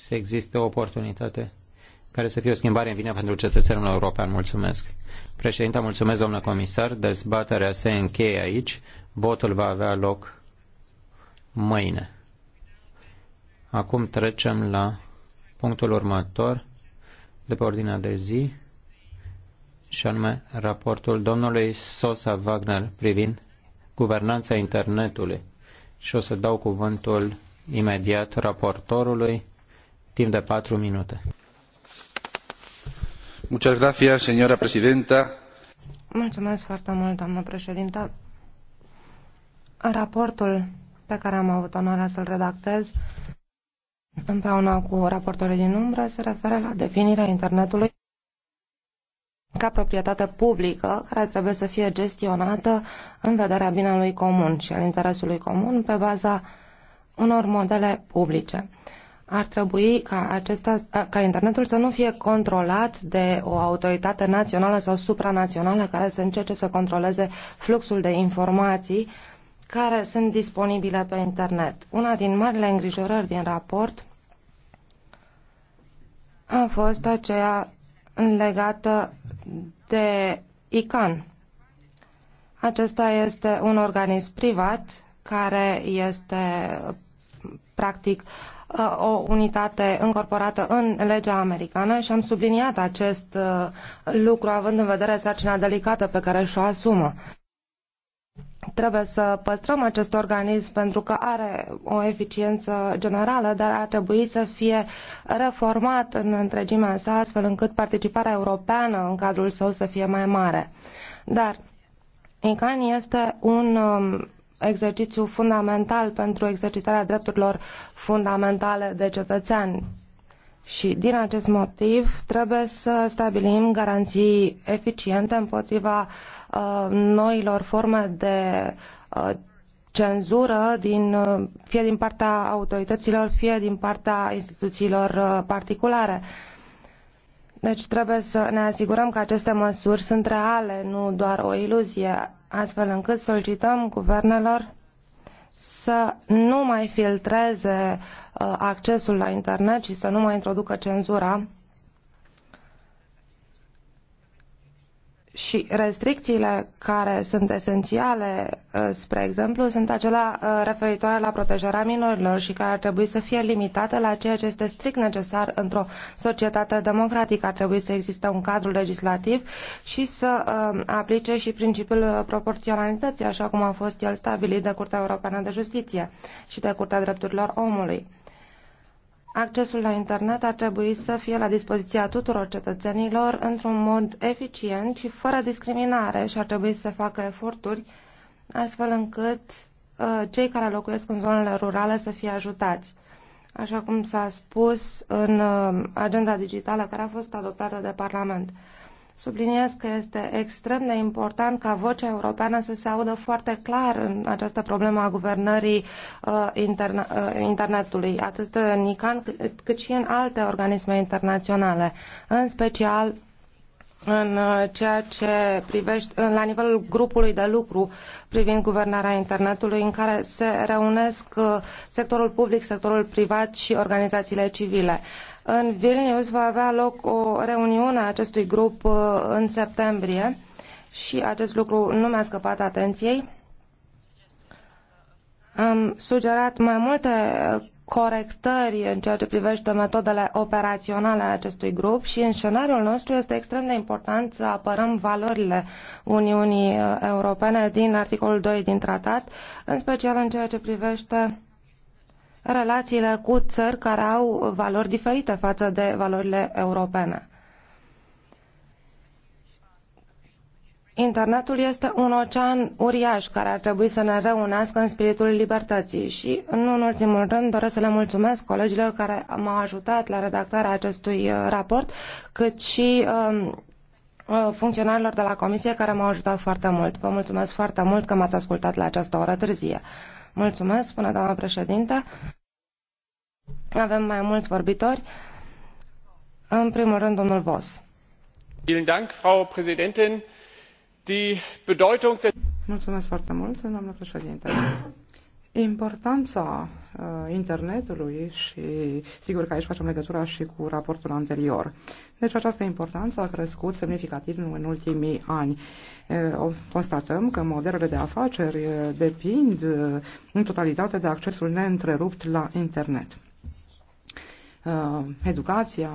să existe o oportunitate care să fie o schimbare în bine pentru cetățenul european. Mulțumesc. Președinte, mulțumesc, domnule comisar. Dezbaterea se încheie aici. Votul va avea loc mâine. Acum trecem la punctul următor de pe ordinea de zi și anume raportul domnului Sosa Wagner privind guvernanța internetului. Și o să dau cuvântul imediat raportorului timp de patru minute. Muchas gracias, señora presidenta. Mulțumesc foarte mult, doamnă președintă. Raportul pe care am avut onoarea să-l redactez împreună cu raportorii din umbră se referă la definirea internetului ca proprietate publică care trebuie să fie gestionată în vederea binelui comun și al interesului comun pe baza unor modele publice ar trebui ca, acesta, ca internetul să nu fie controlat de o autoritate națională sau supranațională care să încerce să controleze fluxul de informații care sunt disponibile pe internet. Una din marile îngrijorări din raport a fost aceea legată de ICAN. Acesta este un organism privat care este practic uh, Uh, o unitate încorporată în legea americană și am subliniat acest uh, lucru având în vedere sarcina delicată pe care și-o asumă. Trebuie să păstrăm acest organism pentru că are o eficiență generală, dar ar trebui să fie reformat în întregimea sa, astfel încât participarea europeană în cadrul său să fie mai mare. Dar ICANN este un um, exercițiu fundamental pentru exercitarea drepturilor fundamentale de cetățean Și din acest motiv trebuie să stabilim garanții eficiente împotriva uh, noilor forme de uh, cenzură din, uh, fie din partea autorităților, fie din partea instituțiilor uh, particulare. Deci trebuie să ne asigurăm că aceste măsuri sunt reale, nu doar o iluzie astfel încât solicităm guvernelor să nu mai filtreze uh, accesul la internet și să nu mai introducă cenzura și restricțiile care sunt esențiale, uh, spre exemplu, sunt acelea uh, referitoare la protejarea minorilor și care ar trebui să fie limitate la ceea ce este strict necesar într-o societate democratică. Ar trebui să existe un cadru legislativ și să uh, aplice și principiul proporționalității, așa cum a fost el stabilit de Curtea Europeană de Justiție și de Curtea Drepturilor Omului accesul la internet ar trebui să fie la dispoziția tuturor cetățenilor într-un mod eficient și fără discriminare și ar trebui să facă eforturi astfel încât uh, cei care locuiesc în zonele rurale să fie ajutați. Așa cum s-a spus în uh, agenda digitală care a fost adoptată de Parlament. Subliniez că este extrem de important ca vocea europeană să se audă foarte clar în această problemă a guvernării uh, interna- uh, internetului, atât în ICAN cât, cât și în alte organisme internaționale, în special în uh, ceea ce privește la nivelul grupului de lucru privind guvernarea internetului în care se reunesc uh, sectorul public, sectorul privat și organizațiile civile. Uh, în Vilnius va avea loc o reuniune a acestui grup uh, în septembrie și acest lucru nu mi-a scăpat atenției. Am sugerat mai multe corectări în ceea ce privește metodele operaționale a acestui grup și în scenariul nostru este extrem de important să apărăm valorile Uniunii uh, Europene din articolul 2 din tratat, în special în ceea ce privește relațiile cu țări care au valori diferite față de valorile europene. Internetul este un ocean uriaș care ar trebui să ne reunească în spiritul libertății și, nu în ultimul rând, doresc să le mulțumesc colegilor care m-au ajutat la redactarea acestui uh, raport, cât și um, uh, funcționarilor de la Comisie care m-au ajutat foarte mult. Vă mulțumesc foarte mult că m-ați ascultat la această oră târzie. Mulțumesc, spune doamna președinte. Avem mai mulți vorbitori. În primul rând, domnul Vos. Mulțumesc foarte mult, doamna președinte. Importanța uh, internetului și sigur că aici facem legătura și cu raportul anterior. Deci această importanță a crescut semnificativ în ultimii ani. Uh, constatăm că modelele de afaceri uh, depind uh, în totalitate de accesul neîntrerupt la internet. Uh, educația,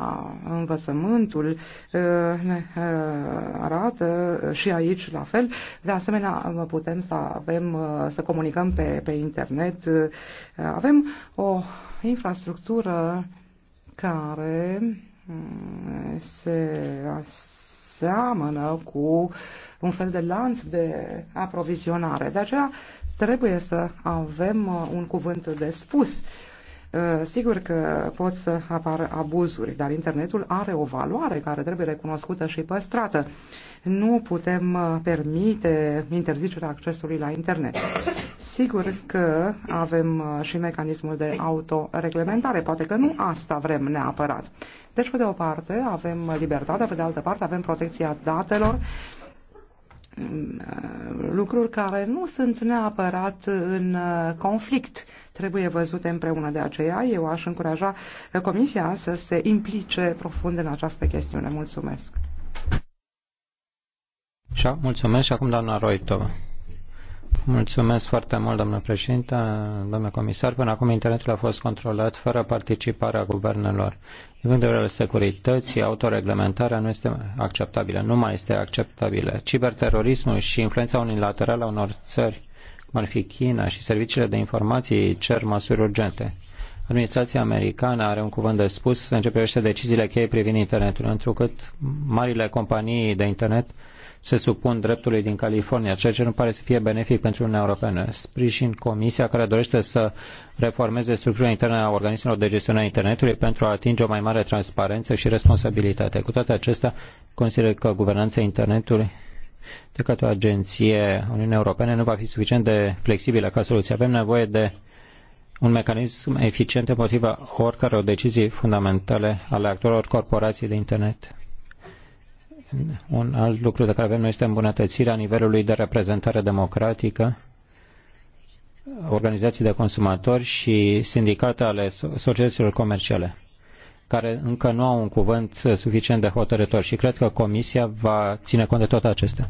învățământul uh, ne uh, arată și aici la fel. De asemenea, putem să avem, să comunicăm pe, pe internet. Avem o infrastructură care mm, se seamănă cu un fel de lanț de aprovizionare. De aceea trebuie să avem un cuvânt de spus Eh, sigur că pot să apară abuzuri, dar internetul are o valoare care trebuie recunoscută și păstrată. Nu putem eh, permite interzicerea accesului la internet. Sigur că avem eh, și mecanismul de autoreglementare, poate că nu asta vrem neapărat. Deci, pe de o parte, avem libertatea, pe de altă parte, avem protecția datelor Uh, lucruri care nu sunt neapărat în uh, conflict. Trebuie văzute împreună. De aceea eu aș încuraja uh, Comisia să se implice profund în această chestiune. Mulțumesc. Și mulțumesc și acum doamna Roitova. Mulțumesc foarte mult, doamnă președinte, doamnă comisar. Până acum internetul a fost controlat fără participarea guvernelor. Din punct de vedere al securității, autoreglementarea nu este acceptabilă, nu mai este acceptabilă. Ciberterorismul și influența unilaterală a unor țări, cum ar fi China și serviciile de informații, cer măsuri urgente. Administrația americană are un cuvânt de spus în ce privește deciziile cheie privind internetul, întrucât marile companii de internet se supun dreptului din California, ceea ce nu pare să fie benefic pentru Uniunea Europeană. Sprijin Comisia care dorește să reformeze structura internă a organismelor de gestiune a internetului pentru a atinge o mai mare transparență și responsabilitate. Cu toate acestea, consider că guvernanța internetului de către o agenție Uniunea Europeană nu va fi suficient de flexibilă ca soluție. Avem nevoie de un mecanism eficient împotriva o decizii fundamentale ale actorilor corporației de internet. Un alt lucru de care avem noi este îmbunătățirea nivelului de reprezentare democratică organizații de consumatori și sindicate ale societăților comerciale, care încă nu au un cuvânt suficient de hotărător și cred că Comisia va ține cont de toate acestea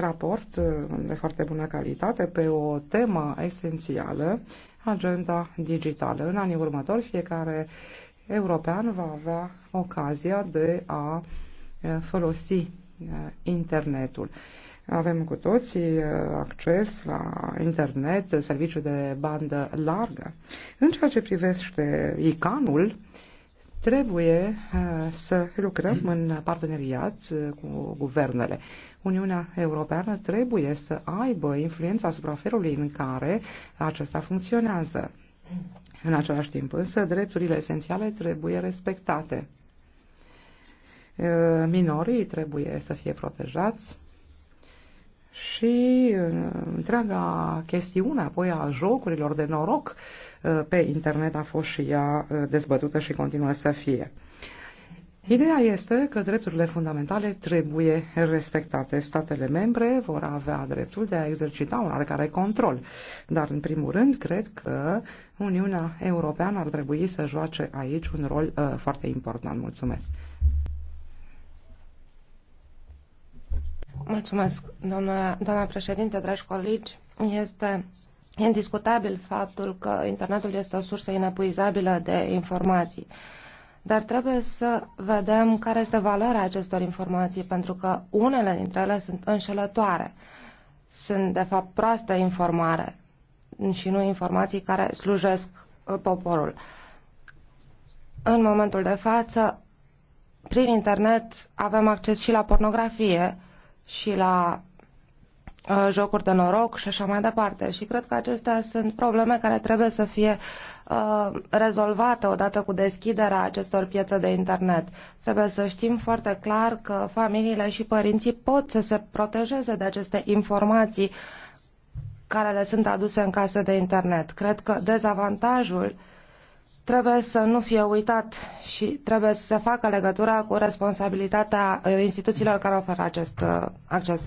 raport uh, de foarte bună calitate pe o temă esențială, agenda digitală. În anii următori, fiecare european va avea ocazia de a uh, folosi uh, internetul. Avem cu toții acces la internet, serviciu de bandă largă. În ceea ce privește ICANul, ul Trebuie eh, să lucrăm în parteneriat eh, cu guvernele. Uniunea Europeană trebuie să aibă influența asupra felului în care acesta funcționează. În același timp, însă, drepturile esențiale trebuie respectate. Eh, minorii trebuie să fie protejați și întreaga chestiune apoi a jocurilor de noroc pe internet a fost și ea uh, dezbătută și continuă să fie. Ideea este că drepturile fundamentale trebuie respectate. Statele membre vor avea dreptul de a exercita un oarecare control, dar în primul rând cred că Uniunea Europeană ar trebui să joace aici un rol uh, foarte important. Mulțumesc! Mulțumesc, doamna, doamna președinte, dragi colegi. Este E indiscutabil faptul că internetul este o sursă inepuizabilă de informații. Dar trebuie să vedem care este valoarea acestor informații, pentru că unele dintre ele sunt înșelătoare. Sunt, de fapt, proastă informare și nu informații care slujesc uh, poporul. În momentul de față, prin internet avem acces și la pornografie și la Uh, jocuri de noroc și așa mai departe. Și cred că acestea sunt probleme care trebuie să fie uh, rezolvate odată cu deschiderea acestor piețe de internet. Trebuie să știm foarte clar că familiile și părinții pot să se protejeze de aceste informații care le sunt aduse în case de internet. Cred că dezavantajul trebuie să nu fie uitat și trebuie să se facă legătura cu responsabilitatea uh, instituțiilor care oferă acest acces.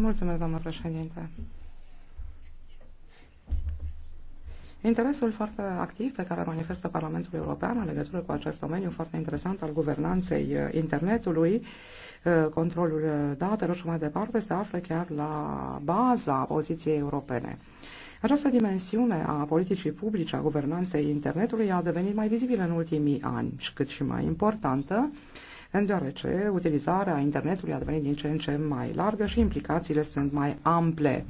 Mulțumesc, doamnă președinte. Interesul foarte activ pe care manifestă Parlamentul European în legătură cu acest domeniu foarte interesant al guvernanței uh, internetului, uh, controlul uh, datelor și mai departe, se află chiar la baza poziției europene. Această dimensiune a politicii publice, a guvernanței internetului, a devenit mai vizibilă în ultimii ani, și cât și mai importantă, deoarece utilizarea internetului a devenit din ce în ce mai largă și implicațiile sunt mai ample.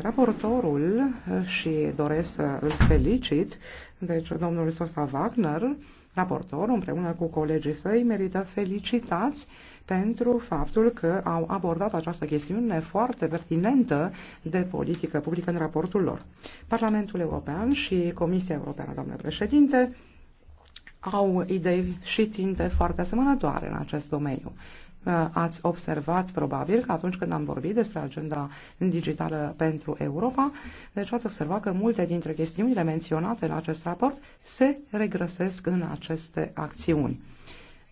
Raportorul, uh, și doresc să îl felicit, deci domnul Sosa Wagner, raportor, împreună cu colegii săi, merită felicitați pentru faptul că au abordat această chestiune foarte pertinentă de politică publică în raportul lor. Parlamentul European și Comisia Europeană, domnule președinte, au idei și tinte foarte asemănătoare în acest domeniu. Uh, ați observat probabil că atunci când am vorbit despre agenda digitală pentru Europa, deci ați observat că multe dintre chestiunile menționate în acest raport se regăsesc în aceste acțiuni.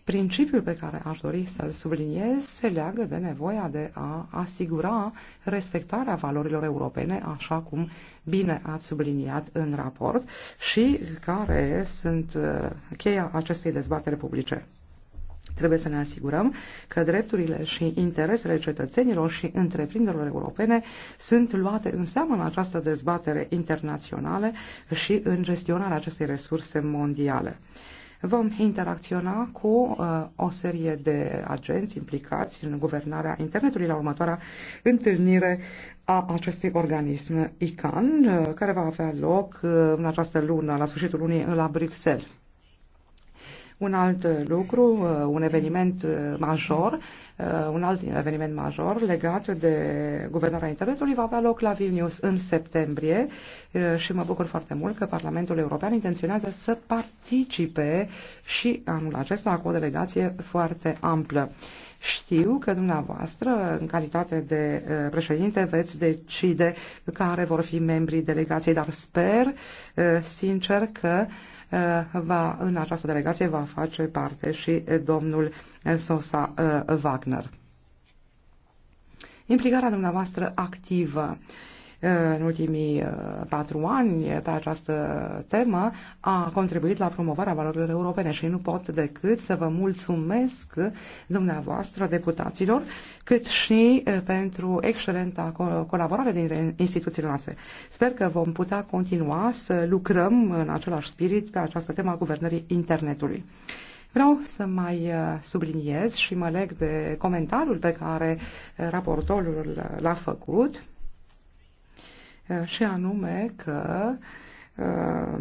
Principiul pe care aș dori să-l subliniez se leagă de nevoia de a asigura respectarea valorilor europene, așa cum bine ați subliniat în raport, și care sunt uh, cheia acestei dezbatere publice. Trebuie să ne asigurăm că drepturile și interesele cetățenilor și întreprinderilor europene sunt luate în seamă în această dezbatere internațională și în gestionarea acestei resurse mondiale. Vom interacționa cu uh, o serie de agenți implicați în guvernarea internetului la următoarea întâlnire a acestui organism ICAN, uh, care va avea loc uh, în această lună, la sfârșitul lunii, la Bruxelles. Un alt lucru, uh, un eveniment uh, major, uh, un alt eveniment major legat de guvernarea internetului va avea loc la Vilnius în septembrie și mă bucur foarte mult că Parlamentul European intenționează să participe și anul acesta cu o delegație foarte amplă. Știu că dumneavoastră, în calitate de președinte, veți decide care vor fi membrii delegației, dar sper, sincer, că Eh, va, în această delegație va face parte și eh, domnul eh, Sosa Wagner. Implicarea dumneavoastră activă în ultimii uh, patru ani pe această temă a contribuit la promovarea valorilor europene și nu pot decât să vă mulțumesc dumneavoastră, deputaților, cât și uh, pentru excelenta colaborare dintre instituțiile noastre. Sper că vom putea continua să lucrăm în același spirit pe această temă a guvernării internetului. Vreau să mai uh, subliniez și mă leg de comentariul pe care raportorul l-a făcut și anume că uh,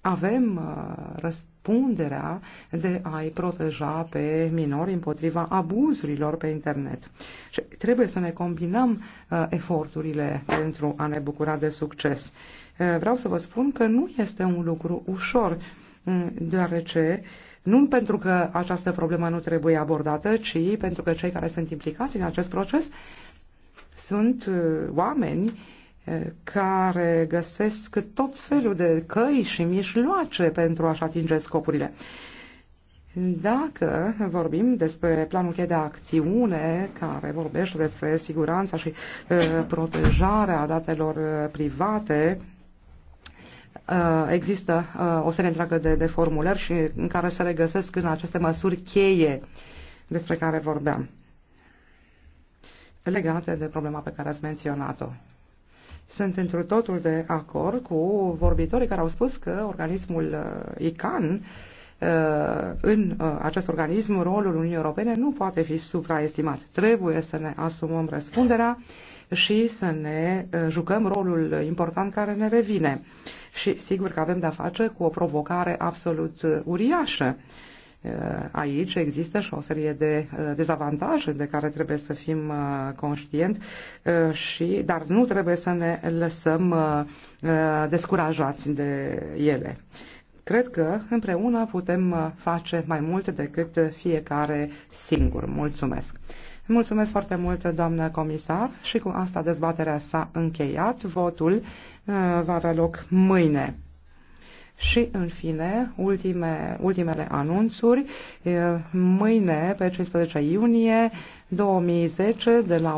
avem uh, răspunderea de a-i proteja pe minori împotriva abuzurilor pe internet. Și trebuie să ne combinăm uh, eforturile pentru a ne bucura de succes. Vreau să vă spun că nu este un lucru ușor, mm, deoarece nu pentru că această problemă nu trebuie abordată, ci pentru că cei care sunt implicați în acest proces sunt uh, oameni uh, care găsesc tot felul de căi și mijloace pentru a-și atinge scopurile. Dacă vorbim despre planul de acțiune care vorbește despre siguranța și uh, protejarea datelor private, există o serie întreagă de, de formulări și în care se regăsesc în aceste măsuri cheie despre care vorbeam legate de problema pe care ați menționat-o. Sunt într-un totul de acord cu vorbitorii care au spus că organismul uh, ICAN uh, în uh, acest organism rolul Uniunii Europene nu poate fi supraestimat. Trebuie să ne asumăm răspunderea și să ne jucăm rolul important care ne revine. Și sigur că avem de-a face cu o provocare absolut uriașă Eh, aici există și o serie de eh, dezavantaje de care trebuie să fim eh, conștienți, și, dar nu trebuie să ne lăsăm descurajați de ele. Cred că împreună putem face mai multe decât fiecare singur. Mulțumesc! Mulțumesc foarte mult, doamnă comisar, și cu asta dezbaterea s-a încheiat. Votul va avea loc mâine. Și, în fine, ultime, ultimele anunțuri. Mâine, pe 15 iunie 2010, de la